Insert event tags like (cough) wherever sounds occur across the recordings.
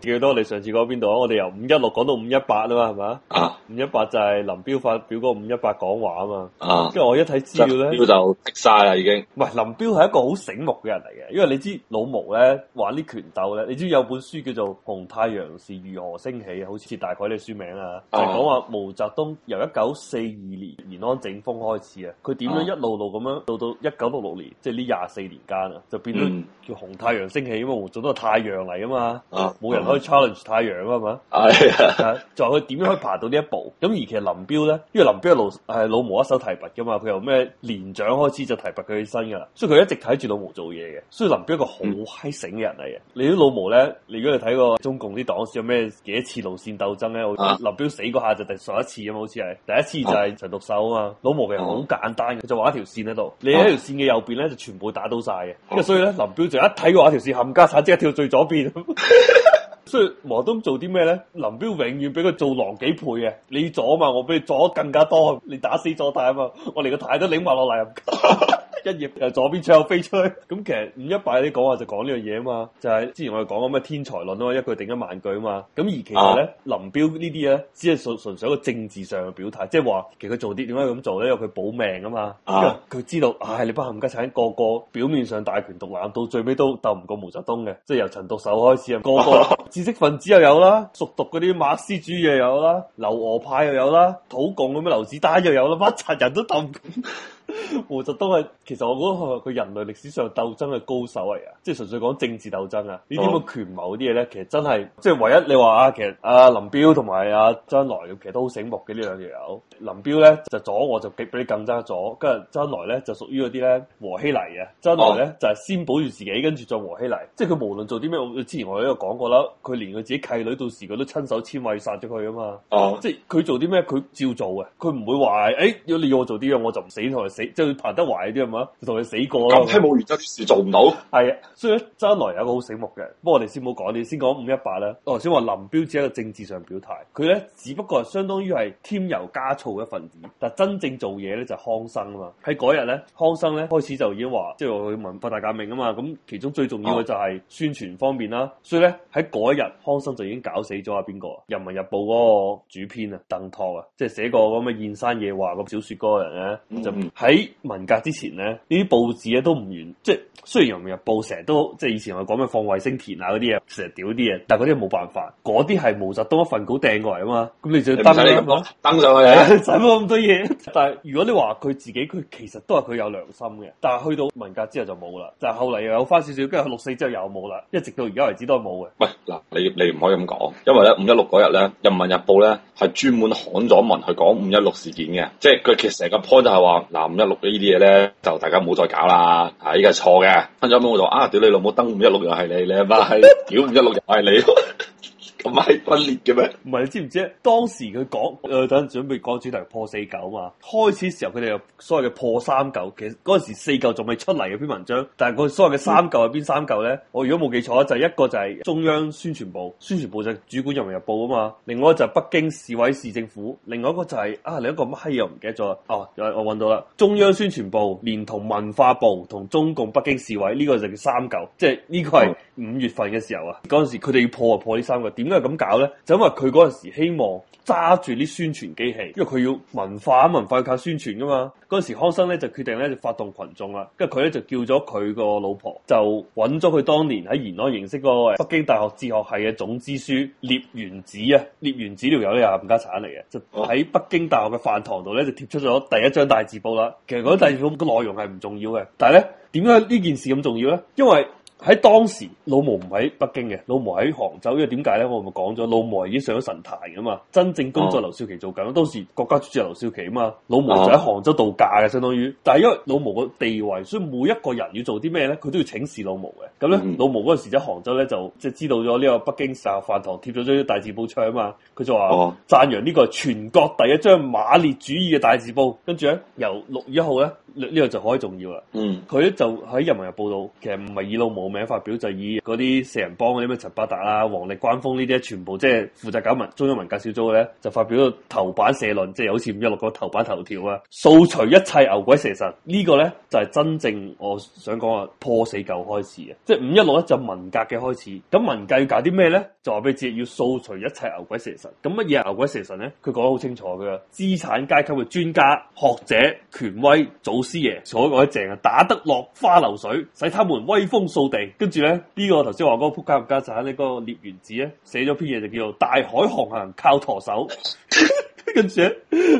記得我哋上次講邊度啊？我哋由五一六講到五一八啊嘛，係嘛？ (coughs) 五一八就係林彪發表個五一八講話啊嘛，跟、啊、住我一睇資料咧，林彪就晒啦已經。喂，林彪係一個好醒目嘅人嚟嘅，因為你知老毛咧玩啲權鬥咧，你知有本書叫做《紅太陽是如何升起》，好似大概呢書名啊，就講、是、話毛澤東由一九四二年延安整風開始啊，佢點樣一路路咁樣，啊、到到一九六六年，即係呢廿四年間啊，就變咗叫紅太陽升起啊嘛，毛澤東係太陽嚟啊嘛，啊，冇人可以 challenge 太陽啊嘛，係、啊，就係佢點樣可以爬到呢一步。咁而其實林彪咧，因為林彪係老係老毛一手提拔㗎嘛，佢由咩連長開始就提拔佢起身噶啦，所以佢一直睇住老毛做嘢嘅。所以林彪一個好嗨醒嘅人嚟嘅、嗯。你啲老毛咧，你如果你睇過中共啲黨史有咩幾多次路線鬥爭咧、啊，林彪死嗰下就第上一次啊嘛，好似係第一次就係陳獨秀啊嘛。老毛其實好簡單嘅，就畫一條線喺度，你喺條線嘅右邊咧就全部打倒晒嘅。咁所以咧林彪就一睇過一條線冚家鏟，即刻跳到最左邊。 (laughs) 所以毛澤東做啲咩呢？林彪永遠俾佢做狼幾倍嘅、啊，你左啊嘛，我俾佢左更加多，你打死左太啊嘛，我連個太，太都擰埋落嚟。 (laughs) (laughs) 一頁由左邊出，最後飛出去。咁 (laughs) 其實五一八講話就講呢樣嘢啊嘛，就係之前我哋講咁嘅天才論啊嘛，一句頂一萬句啊嘛。咁而其實咧，林彪呢啲咧，只係純純粹一個政治上嘅表態，即係話其實佢做啲點解咁做咧？因為佢保命啊嘛。佢知道，唉，你不韓共產黨個個表面上大權獨攬，到最尾都鬥唔過毛澤東嘅，即係由陳獨秀開始，個個知識分子又有啦，熟讀嗰啲馬思主義又有啦，留俄派又有啦，土共咁嘅劉志丹又有啦，乜柒人都鬥。毛澤東係其實我覺得佢人類歷史上鬥爭嘅高手嚟啊，即係純粹講政治鬥爭啊，呢啲咁嘅權謀啲嘢咧，其實真係即係唯一你話啊，其實阿林彪同埋阿周恩來其實都好醒目嘅呢兩條友，林彪咧就阻我就極俾你更爭咗；跟住周恩來咧就屬於嗰啲咧和稀泥張啊，周恩來咧就係、是、先保住自己，跟住再和稀泥，即係佢無論做啲咩，我之前我都有講過啦，佢連佢自己契女到時佢都親手簽位殺咗佢啊嘛，哦、啊，即係佢做啲咩佢照做嘅，佢唔會話誒要你要我做啲嘢我就唔死死即係彭德懷啲係嘛，就同佢死過咯。咁聽冇原則， (laughs) 做唔到。係啊，所以周恩來有個好醒目嘅。不過我哋先唔好講，你先講五一八啦。我頭先話林彪只係一個政治上表態，佢咧只不過係相當於係添油加醋嘅一份子。但係真正做嘢咧就係、康生啊嘛。喺嗰日咧，康生咧開始就已經話，即係佢文化大革命啊嘛。咁其中最重要嘅就係宣傳方面啦。啊、所以咧喺嗰一日，康生就已經搞死咗阿邊個《人民日報》嗰、嗰個主編啊，鄧拓啊，即係寫過咁嘅燕山夜話個小說嗰個人咧，就、嗯、係、嗯。喺文革之前咧，呢啲報紙咧都唔完，即係雖然《人民日報》都成日都即係以前我講咩放衛星田啊嗰啲啊，成日屌啲嘢，但係嗰啲冇辦法，嗰啲係毛澤東一份稿掟過嚟啊嘛，咁你就唔使你咁講，登上去，啊，使乜咁多嘢？但係如果你話佢自己，佢其實都係佢有良心嘅，但係去到文革之後就冇啦，但係後嚟又有翻少少，跟住六四之後又冇啦，一直到而家為止都冇嘅。喂，嗱，你你唔可以咁講，因為咧五一六嗰日咧，呢《人民日報》呢咧係專門刊咗文去講五一六事件嘅，即係佢其實成個 point 就係話，嗱。五一六呢啲嘢咧，就大家唔好再搞啦，啊！依家係錯嘅。分咗咁，我就啊，屌你老母，登五一六又係你，你阿媽係，屌 (laughs) 五一六又係你。唔係分裂嘅咩？唔係，你知唔知？當時佢講誒，等、呃、準備講主題破四舊嘛。開始時候佢哋又所謂嘅破三舊，其實嗰陣時四舊仲未出嚟嘅篇文章。但係佢所謂嘅三舊係邊三舊咧？我如果冇記錯，就係、是、一個就係中央宣傳部，宣傳部就係主管人民日報啊嘛。另外一個就係北京市委市政府，另外一個就係、是、啊另一個乜閪又唔記得咗。哦，我搵、啊、到啦，中央宣傳部連同文化部同中共北京市委呢、這個就叫三舊，即係呢、這個係五月份嘅時候啊。嗰、嗯、陣時佢哋要破啊，破呢三個，點解？咁搞咧，就因為佢嗰陣時希望揸住啲宣傳機器，因為佢要文化啊，文化靠宣傳噶嘛。嗰陣時康生咧就決定咧就發動群眾啦，跟住佢咧就叫咗佢個老婆，就揾咗佢當年喺延安認識嗰個北京大學哲學系嘅總支書聶元梓啊，聶元梓條友咧又係冚家產嚟嘅，就喺北京大學嘅飯堂度咧就貼出咗第一張大字報啦。其實嗰張大字報嘅內容係唔重要嘅，但係咧點解呢件事咁重要咧？因為喺當時，老毛唔喺北京嘅，老毛喺杭州，因為點解咧？我咪講咗，老毛已經上咗神台噶嘛，真正工作劉、啊、少奇做緊。當時國家主席係劉少奇啊嘛，老毛就喺杭州度假嘅，相當於、啊。但係因為老毛個地位，所以每一個人要做啲咩咧，佢都要請示老毛嘅。咁、嗯、咧、嗯，老毛嗰陣時喺杭州咧，就即係知道咗呢個北京大學飯堂貼咗張大字報出啊嘛。佢就話讚揚呢個係全國第一張馬列主義嘅大字報。跟住咧，由六月一號咧，呢、這個就可以重要啦。嗯，佢咧就喺人民日報度，其實唔係以老毛名發表，就以嗰啲四人幫嗰啲咩陳伯達啊、王力、關鋒呢啲，全部即係負責搞文中央文革小組嘅咧，就發表咗頭版社論，即係好似《五一六》個頭版頭條啊。掃除一切牛鬼蛇神，這個、呢個咧就係、是、真正我想講啊，破四舊開始啊。即係《五一六》咧就文革嘅開始。咁文革要搞啲咩咧？就話俾你知，要掃除一切牛鬼蛇神。咁乜嘢牛鬼蛇神咧？佢講得好清楚嘅，資產階級嘅專家、學者、權威、祖師爺，所有嗰啲正啊打得落花流水，使他們威風掃地。跟住咧，這個、才個呢個頭先話嗰個撲街作家就喺呢個列元子咧寫咗篇嘢，就叫做《大海航行靠舵手。》 (laughs) 跟住咧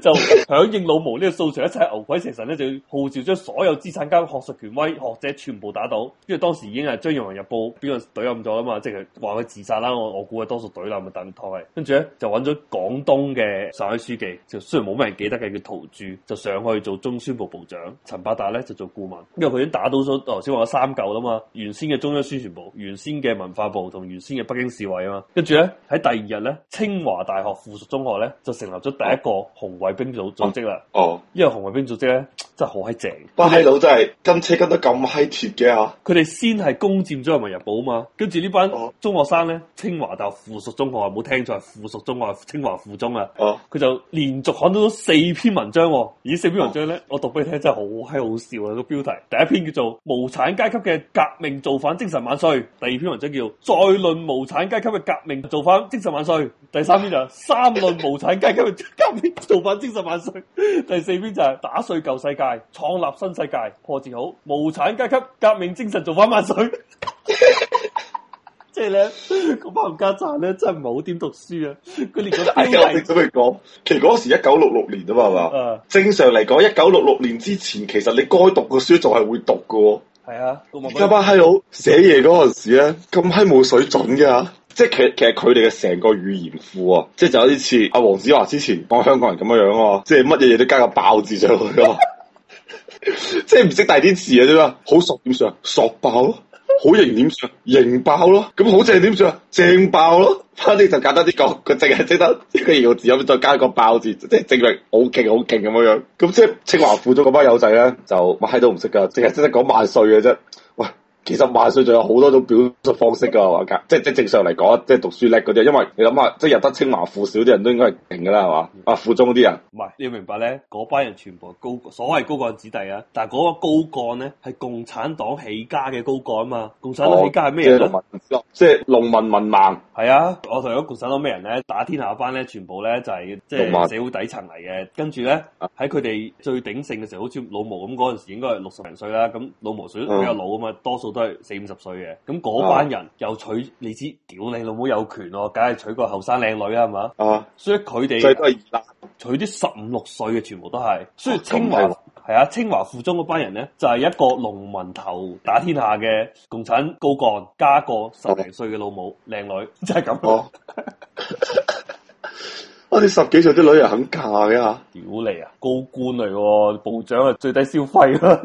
就響應老毛呢，掃除一切牛鬼蛇神咧，就要號召將所有資產家、學術權威、學者全部打倒。因為當時已經係《中央日報》邊個懟暗咗啦嘛，即係話佢自殺啦。我我估係多數懟冧嘅鄧拓。跟住咧就揾咗廣東嘅省委書記，就雖然冇咩人記得嘅，叫陶鑄，就上去做中宣部部長。陳伯達咧就做顧問。因為佢已經打倒咗，頭先話咗三舊啦嘛，原先嘅中央宣傳部、原先嘅文化部同原先嘅北京市委啊嘛。跟住咧喺第二日咧，清華大學附屬中學咧就成立咗。第一個紅衛兵組組織啦、啊，哦，因為紅衛兵組織咧。真係好閪正，班閪佬真係跟車跟得咁閪貼嘅嚇。佢哋先係攻佔咗《人民日報》啊嘛，跟住呢班中學生咧，清華大學附屬中學，冇聽錯，係附屬中學、清華附中啊。佢就連續看到咗四篇文章。而四篇文章咧、啊，我讀俾你聽，真係好閪好笑啊！個標題第一篇叫做《無產階級嘅革命造反精神萬歲》，第二篇文章叫《再論無產階級嘅革命造反精神萬歲》，第三篇就係、是《三論無產階級嘅革命造反精神萬歲》，第四篇就係、是就是、打碎舊世界。創立新世界，破字好，無產階級革命精神做翻萬水，即係咧，嗰班冚家鏟咧真係唔好點讀書啊！佢哋覺得，哎呀，我同佢講，其實嗰時一九六六年啊嘛，係、嗯、嘛？正常嚟講，一九六六年之前，其實你該讀嘅書仲係會讀噶係啊，一班閪佬寫嘢嗰陣時咧，咁閪冇水準噶、啊，即係其實其實佢哋嘅成個語言庫啊，即係就好似阿黃子華之前幫香港人咁樣樣啊，即係乜嘢嘢都加個爆字上去咯、啊。 (laughs) 即係唔識大啲字啊，啫嘛！好熟點算？索爆咯！好型點算？型爆咯！咁好正點算，啊？正爆咯！反正就簡單啲講，佢淨係識得一個字，咁再加一個爆字，就是、正即係證明好勁、好勁咁樣樣。咁即係清華附中嗰班友仔咧，就乜閪都唔識噶，淨係識得講萬歲嘅啫。其實萬歲仲有好多種表述方式噶，係嘛？即係即係正常嚟講，即係讀書叻嗰啲，因為你諗下，即係入得清華附小啲人都應該係勁噶啦，係嘛？啊，附中嗰啲人？唔係，你要明白咧，嗰班人全部高，所謂高幹子弟啊，但係嗰個高幹咧係共產黨起家嘅高幹啊嘛。共產黨起家係咩咧？即係農民，即係農民民盲。係啊，我同你講，共產黨咩人咧？打天下班咧，全部咧就係即係社會底層嚟嘅。跟住咧喺佢哋最鼎盛嘅時候，好似老毛咁嗰陣時應該是60，應該係六十零歲啦。咁老毛算比較老啊嘛，嗯、多數。都係四五十歲嘅，咁嗰班人又娶、uh -huh. 你知？屌你老母有權咯，梗係娶個後生靚女啦，係嘛？啊！Uh -huh. 所以佢哋最多廿娶啲十五六歲嘅，全部都係。所以清華係啊，啊，清華附中嗰班人咧，就係、是、一個農民頭打天下嘅共產高幹，加個十零歲嘅老母靚、uh -huh. 女，真係咁講我哋十幾歲啲女人肯嫁嘅嘛、啊，屌你啊！高官嚟、啊，部長啊，最低消費啊，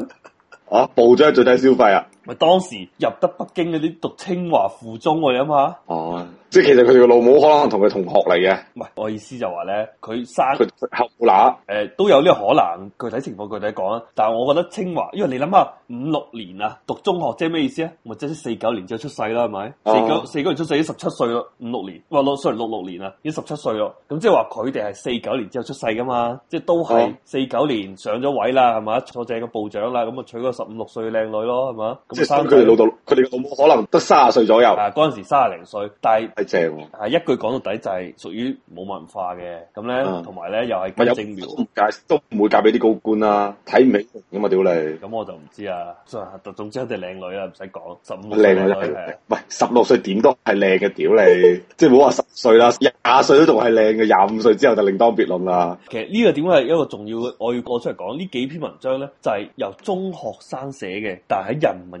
(laughs) uh -huh. 部長最低消費啊？咪當時入得北京嗰啲讀清華附中，我諗下，哦，即係其實佢哋嘅老母可能同佢同學嚟嘅。唔係，我意思就話咧，佢生佢，後乸，誒、呃、都有呢個可能。具體情況具體講啊。但係我覺得清華，因為你諗下五六年啊，讀中學即係咩意思啊？咪即係四九年之後出世啦，係咪？四九四九年出世，已經十七歲咯。五六年，哇，六雖然六六年啊，已經十七歲咯。咁即係話佢哋係四九年之後出世噶嘛？即係都係四九年上咗位啦，係嘛？坐正個部長啦，咁啊娶個十五六歲嘅靚女咯，係嘛？即係佢哋老豆，佢哋老母可能得卅歲左右。啊，嗰陣時卅零歲，但係係正喎。一句講到底就係屬於冇文化嘅，咁咧同埋咧又係唔精妙。介紹都唔會介紹俾啲高官啦，睇唔明啊嘛，屌你！咁我就唔知啊。啊，總之係靚女啊，唔使講。靚女，喂，十六歲點都係靚嘅，屌你！即係唔好話十歲啦，廿歲都仲係靚嘅，廿五歲之後就另當別論啦。其實呢個點係一個重要嘅。我要我出嚟講出嚟講呢幾篇文章咧，就係、係、由中學生寫嘅，但係喺人民日報《人民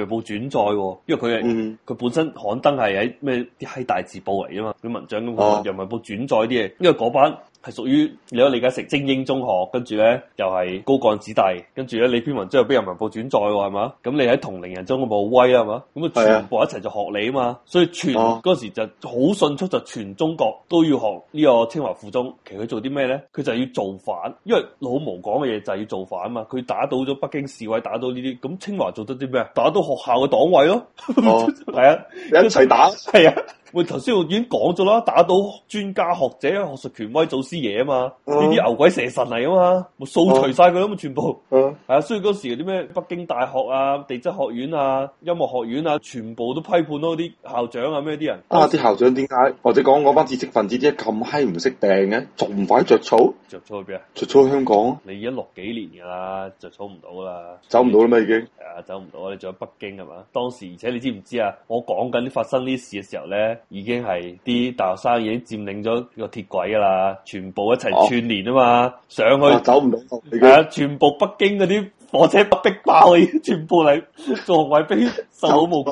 日報》轉載，哦，因為佢係佢本身刊登係喺咩啲閪大字報嚟噶嘛，佢文章咁講，《人民日報》轉載啲嘢，因為嗰班。係屬於你都理解成精英中學，跟住咧又係高幹子弟，跟住咧你篇文之後俾人民報轉載喎，係嘛？咁你喺同齡人中咁冇威啊嘛？咁啊全部一齊就學你啊嘛，啊所以全嗰、啊、時就好迅速就全中國都要學呢個清華附中。其實佢做啲咩咧？佢就係要造反，因為老毛講嘅嘢就係要造反啊嘛。佢打倒咗北京市委，打倒呢啲，咁清華做得啲咩啊？打倒學校嘅黨委咯，係啊， (laughs) 啊一，一齊打係啊。喂，頭先我已經講咗啦，打倒專家學者、學術權威、祖師爺啊嘛，呢、啊、啲牛鬼蛇神嚟啊嘛，我掃除晒佢啦，嘛、啊。全部。係啊，所以嗰時啲咩北京大學啊、地質學院啊、音樂學院啊，全部都批判嗰啲校長啊咩啲人。啊，啲校長點解？或者講嗰班知識分子啲咁閪唔識定嘅，仲唔快着草？着草去邊啊？着草去香港。你而家六幾年噶啦，着草唔到啦，走唔到啦嘛已經。係啊，走唔到啊，你仲喺北京係嘛？當時而且你知唔知啊？我講緊發生呢啲事嘅時候咧。已經係啲大學生已經佔領咗個鐵軌噶啦，全部一齊串聯嘛啊嘛，上去、啊、走唔到，係啊，全部北京嗰啲。火車不逼爆你，全部嚟做紅衛兵，受老毛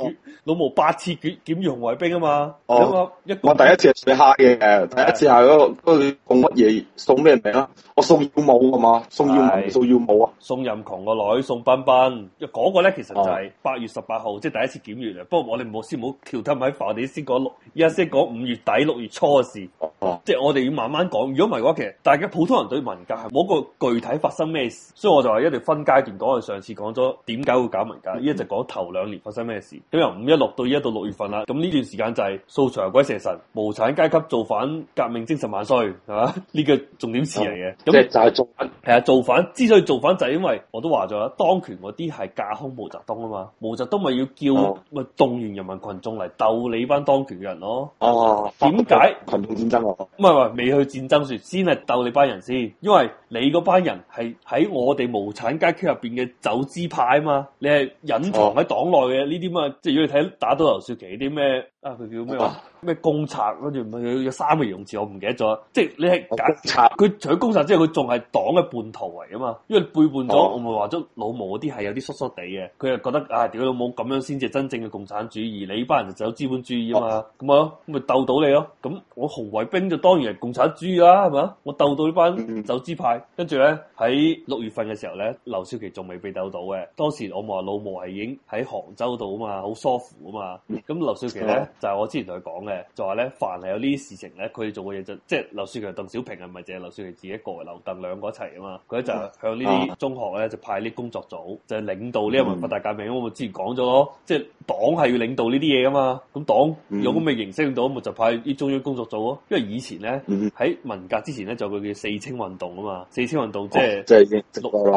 老毛八次檢閱紅衛兵啊嘛。哦，一個，我第一次係咩嘢嘅？第一次係嗰、嗰個嗰宋乜嘢宋咩名啊？我宋要武係嘛？宋要文，宋要武啊？宋任窮、個女宋彬彬，嗰個咧其實就係八月十八號，哦、即係第一次檢閱啊。不過我哋唔好先唔好跳 t u 喺法我哋先講六，依家先講五月底六月初嘅事。哦，即係我哋要慢慢講。如果唔係嘅話，其實大家普通人對文革係冇一個具體發生咩事，所以我就話一定要分階講係上次講咗點解會搞文革，一直就講頭兩年發生咩事。咁、嗯、由五一六到一到六月份啦，咁呢段時間就係、是、掃除鬼蛇神，無產階級造反革命精神萬歲，係嘛？呢、這個重點詞嚟嘅。咁即係就係、是就是、造反，係啊造反。之所以造反就係因為我都話咗，當權嗰啲係架空毛澤東啊嘛。毛澤東咪要叫咪、哦、動員人民群眾嚟鬥你班當權嘅人咯。哦，點解群眾戰爭啊？唔係唔未去戰爭說先係鬥你班人先。因為你嗰班人係喺我哋無產階級入。邊嘅走資派啊嘛，你係隱藏喺黨內嘅呢啲嘛，即係如果你睇打到劉少奇啲咩？佢、啊、叫咩話咩共賊，跟住唔係佢有三個形容詞，我唔記得咗。即係你係賊，佢除咗共賊之外，佢仲係黨嘅叛徒嚟啊嘛。因為背叛咗、哦，我咪話咗老毛嗰啲係有啲縮縮地嘅，佢又覺得啊，屌老毛咁樣先至真正嘅共產主義，你呢班人就走資本主義啊嘛，咁、哦、咪鬥到你咯。咁我紅衛兵就當然係共產主義啦，係咪啊？我鬥到呢班走資派，跟住咧喺六月份嘅時候咧，劉少奇仲未被鬥到嘅。當時我咪話老毛係已經喺杭州度啊嘛，好疏乎啊嘛。咁劉少奇咧。嗯嗯就係、是、我之前同佢講嘅，就係、是、咧，凡係有呢啲事情咧，佢做嘅嘢就即係、就是、劉少奇、鄧小平係咪？淨係劉少奇自己一個，劉鄧兩個一齊啊嘛？佢就向呢啲中學咧，就派呢啲工作組，就係、是、領導呢一文化大革命。嗯、我咪之前講咗咯，即、就、係、是、黨係要領導呢啲嘢噶嘛。咁黨有咁嘅認識咗，咪、嗯、就派啲中央工作組咯。因為以前咧喺、嗯、文革之前咧，就佢叫四清運動啊嘛。四清運動即係六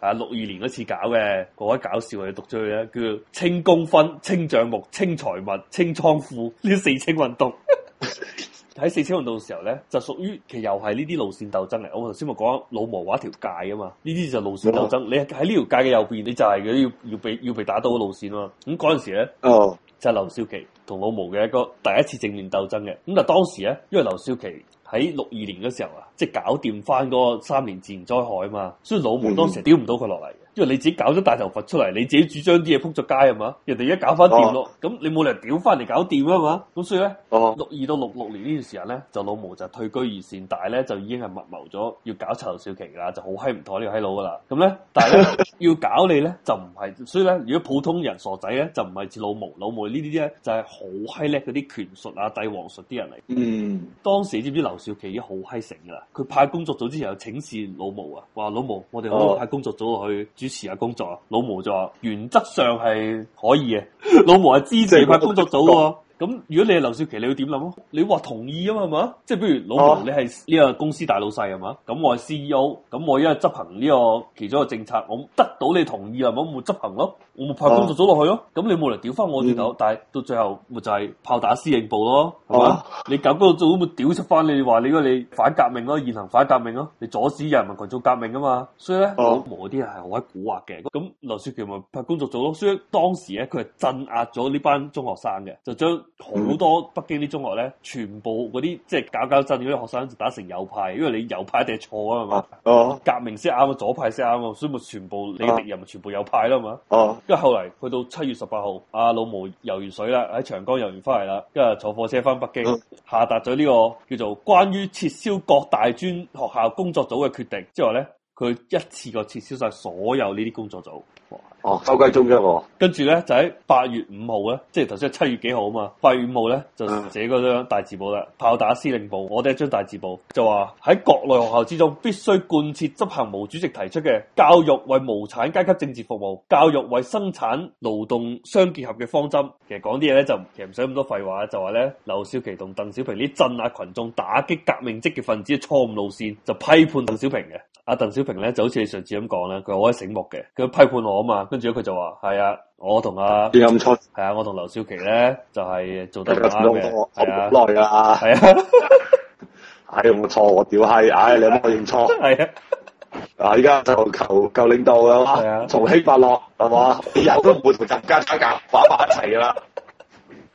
啊，六、就、二、是、年嗰次搞嘅，好、那、鬼、個、搞笑嘅，讀咗佢咧叫清功分、清帳目、清財物、清倉。清呢四清運動喺 (laughs) 四清運動嘅時候咧，就屬於其實又係呢啲路線鬥爭嚟。我頭先咪講老毛畫一條界啊嘛，呢啲就路線鬥爭。你喺呢條界嘅、no. 右邊，你就係要要被要被打倒嘅路線啊嘛。咁嗰陣時咧，哦、oh.，就係劉少奇同老毛嘅一個第一次正面鬥爭嘅。咁但當時咧，因為劉少奇。喺六二年嘅時候啊，即係搞掂翻嗰個三年自然災害啊嘛，所以老毛當時屌唔到佢落嚟，嘅、嗯，因為你自己搞咗大頭佛出嚟，你自己主張啲嘢仆咗街係嘛，人哋而家搞翻掂咯，咁、啊、你冇理由屌翻嚟搞掂啊嘛，咁所以咧，六、啊、二到六六年呢段時間咧，就老毛就退居二線，但係咧就已經係密謀咗要搞劉少奇啦，就好閪唔妥呢個閪佬噶啦，咁咧，但係咧 (laughs) 要搞你咧就唔係，所以咧如果普通人傻仔咧就唔係似老毛，老毛呢啲咧就係好閪叻嗰啲權術啊帝王術啲人嚟，嗯，當時知唔知劉少奇已經好閪成噶啦，佢派工作組之前又請示老毛啊，話老毛，我哋可以派工作組去主持一下工作啊，老毛就話原則上係可以嘅，老毛係支持派工作組。 (laughs) 咁如果你係劉少奇，你要點諗咯？你話同意啊嘛，係嘛？即係比如老毛、啊，你係呢個公司大老細係嘛？咁我係 C E O，咁我因為執行呢個其中一個政策，我得到你同意係嘛？我咪執行咯，我咪派工作組落去咯。咁、啊、你冇嚟屌翻我哋頭、嗯，但係到最後咪就係、是、炮打司令部咯，係嘛、啊？你咁嗰種咪屌出翻你話你因你反革命咯，現行反革命咯，你阻止人民群眾革命啊嘛。所以咧，老毛啲係好鬼蠱惑嘅。咁劉少奇咪派工作組咯。所以當時咧，佢係鎮壓咗呢班中學生嘅，就將。好多北京啲中學咧，全部嗰啲即係搞搞震嗰啲學生就打成右派，因為你右派定錯啊嘛，哦、啊啊，革命先啱啊，左派先啱，所以咪全部你嘅敵人咪全部右派啦嘛，哦、啊，跟、啊、住後嚟去到七月十八號，阿老毛游完水啦，喺長江游完翻嚟啦，跟住坐火車翻北京，下達咗呢個叫做關於撤銷各大專學校工作組嘅決定之呢，之後咧，佢一次過撤銷晒所有呢啲工作組。哦，收歸中央喎、啊。跟住咧，就喺八月五號咧，即係頭先係七月幾號啊嘛。八月五號咧，就寫嗰張大字報啦、嗯，炮打司令部。我哋一張大字報就話喺國內學校之中，必須貫徹執行毛主席提出嘅教育為無產階級政治服務、教育為生產勞動相結合嘅方針。其實講啲嘢咧，就其實唔使咁多廢話，就話咧，劉少奇同鄧小平呢，鎮壓群眾、打擊革命積極分子嘅錯誤路線，就批判鄧小平嘅。阿、啊、鄧小平咧，就好似你上次咁講啦，佢好鬼醒目嘅，佢批判我啊嘛。跟住佢就話：係啊，我同阿點咁錯？係啊，我同劉少奇咧就係、是、做得啱嘅，係啊，好耐啦，係啊，係我錯，我屌閪，唉、哎，你有冇認錯？係啊，嗱、啊，依家就求求領導啊，從輕發落，係 (laughs) 嘛，人都唔會同人家打架，玩埋一齊啦，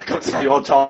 今次我錯。